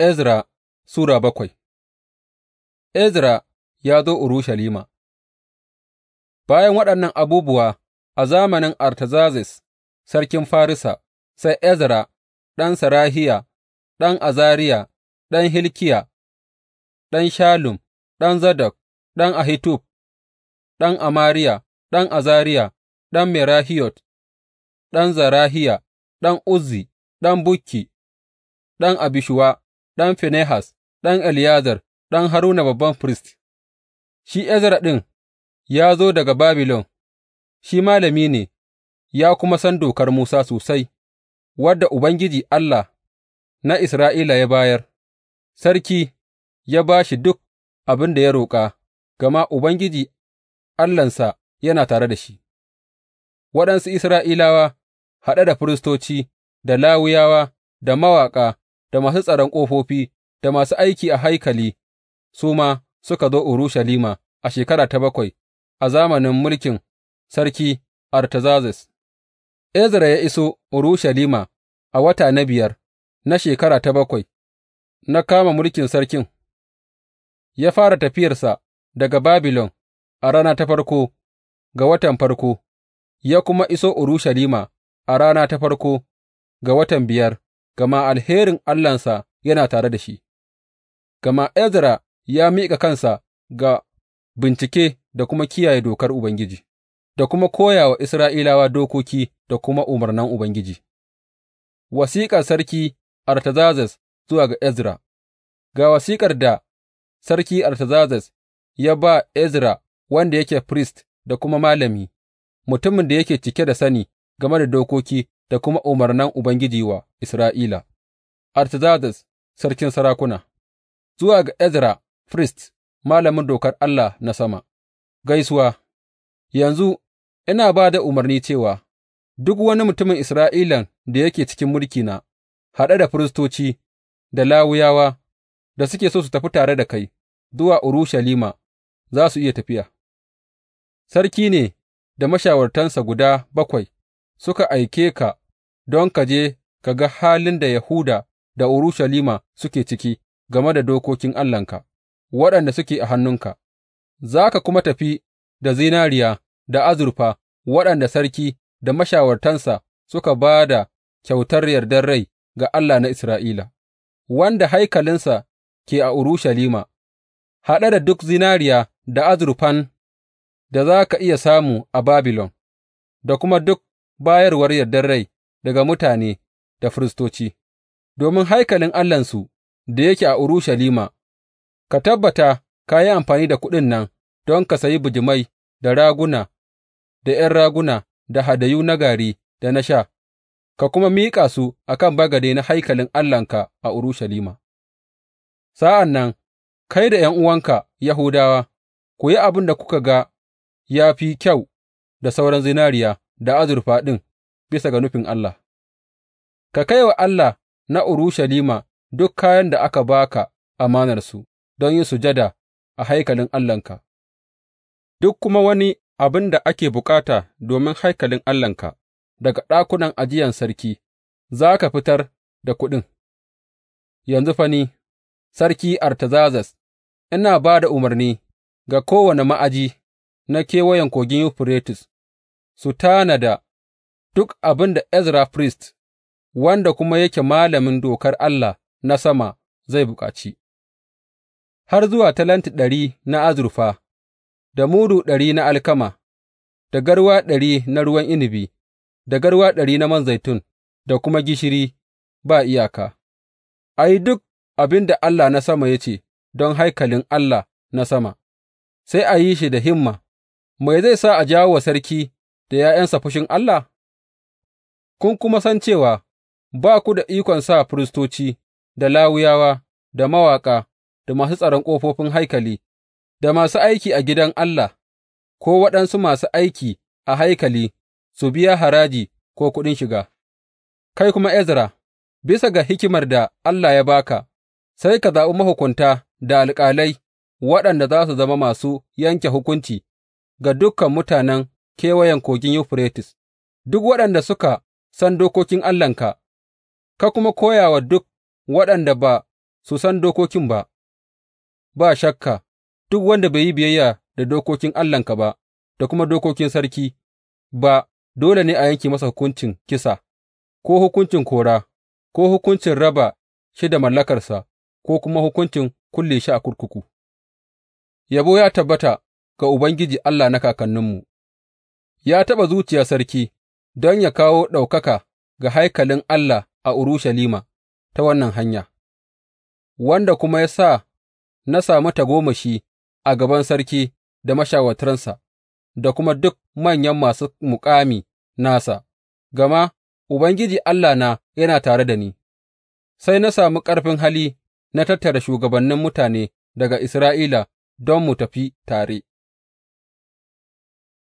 Ezra Sura bakwai Ezra ya zo Urushalima Bayan waɗannan abubuwa a zamanin Artazazes sarkin Farisa, sai Ezra ɗan Sarahiya, ɗan Azariya, ɗan Hilkiya, ɗan Shalum, ɗan Zadok, ɗan Ahitub, ɗan Amariya, ɗan Azariya, ɗan Merahiyot, ɗan Zarahiya, ɗan Uzzi, ɗan Bukki, ɗan Abishuwa. ɗan Finehas, ɗan Eleyazar, ɗan Haruna babban firist, shi Ezra ɗin ya zo daga Babilon, shi malami ne, ya kuma san dokar Musa sosai, wadda Ubangiji Allah na Isra'ila ya bayar, sarki ya ba shi duk abin da ya roƙa, gama Ubangiji Allahnsa yana tare da shi. Waɗansu Isra'ilawa, haɗe da firistoci, da lawuyawa da mawaƙa, da masu tsaron ƙofofi, da masu aiki a haikali, su ma suka zo Urushalima a shekara ta bakwai a zamanin mulkin sarki Artazazes. Ezra ya iso Urushalima a wata na biyar na shekara ta bakwai na kama mulkin sarkin, ya fara tafiyarsa daga Babilon a rana ta farko ga watan farko, ya kuma iso Urushalima a rana ta farko ga watan biyar gama alherin Allahnsa yana tare da shi, gama Ezra ya miƙa kansa ga bincike da kuma kiyaye dokar Ubangiji, da kuma koya wa Isra'ilawa dokoki da kuma umarnan Ubangiji. Wasiƙar Sarki Artazazes zuwa ga Ezra Ga wasiƙar da Sarki Artazazes ya ba Ezra wanda yake firist da kuma malami, mutumin da yake cike da sani game da dokoki da kuma umarnan Ubangiji wa Isra'ila, Artazerzes sarkin sarakuna, zuwa ga Ezra firist, malamin dokar Allah na sama, gaisuwa, yanzu ina ba da umarni cewa duk wani mutumin Isra'ilan da yake cikin mulkina, haɗe da firistoci da lawuyawa da suke so su tafi tare da kai zuwa Urushalima za su iya tafiya. Sarki ne da mashawartansa guda bakwai suka aike ka don ka je ka ga halin da Yahuda da Urushalima suke ciki game da dokokin Allahnka, waɗanda suke a hannunka, za ka kuma tafi da zinariya da azurfa waɗanda sarki da mashawartansa suka ba da kyautar yardar rai ga Allah na Isra'ila, wanda haikalinsa ke a Urushalima, haɗe da duk zinariya da azurfan da za ka iya samu a Babilon, da kuma duk bayarwar yardar rai daga mutane da firistoci, domin haikalin Allahnsu da yake a Urushalima, ka tabbata ka yi amfani da kuɗin nan don ka sayi bijimai da raguna da ’yan raguna da hadayu na gari da na sha, ka kuma miƙa su a kan bagade na haikalin Allahnka a Urushalima. Sa'an nan, kai da ’yan'uwanka Yahudawa, ku yi abin da kuka ga ya fi kyau da sauran zinariya. da azurfa ɗin bisa ga nufin Allah, ka kai wa Allah na Urushalima duk kayan da aka ba ka amanarsu don yin sujada a haikalin Allahnka, duk kuma wani abin da ake bukata domin haikalin Allahnka daga ɗakunan ajiyan sarki, za ka fitar da kuɗin. Yanzu fani Sarki Artazazas, ina ba da umarni ga kowane ma'aji na kewayen Kogin Yuferites su tanada duk abin da Ezra firist, wanda kuma yake malamin dokar Allah na sama zai bukaci, har zuwa talenti ɗari na azurfa, da mudu ɗari na alkama, da garwa ɗari na ruwan inibi, da garwa ɗari na man zaitun, da kuma gishiri ba iyaka, a yi duk abin da Allah na sama ya ce don haikalin Allah na sama, sai a yi shi da himma, mai zai sa a jawo wa sarki da ’ya'yansa fushin Allah? Kun kuma san cewa ba ku da ikon sa firistoci, da lawuyawa da mawaƙa, da masu tsaron ƙofofin haikali, da masu aiki a gidan Allah, ko waɗansu masu aiki a haikali su biya haraji ko kuɗin shiga. Kai kuma Ezra, bisa ga hikimar da Allah ya baka, sai ka zaɓi mahukunta da alƙalai waɗanda za su zama masu yanke hukunci ga dukan mutanen kewayen Kogin Yuferites, duk waɗanda suka san dokokin Allahnka, ka kuma koya wa duk waɗanda ba su san dokokin ba, ba shakka, duk wanda bai yi biyayya da dokokin Allahnka ba, da kuma dokokin sarki ba, dole ne a yanke masa hukuncin kisa, ko hukuncin kora, ko hukuncin raba shi da mallakarsa, ko kuma hukuncin kulle shi a kurkuku. Yabo ya tabbata ga Ubangiji Allah na kakanninmu. ya taɓa zuciya sarki don yă kawo ɗaukaka ga haikalin Allah a Urushalima ta wannan hanya, wanda kuma ya sa na sami tagomashi a gaban sarki da mashawartansa da kuma duk manyan masu muƙami nasa, gama Ubangiji Allah na yana tare da ni, sai na sami ƙarfin hali na tattara shugabannin mutane daga Isra'ila don mu tafi tare.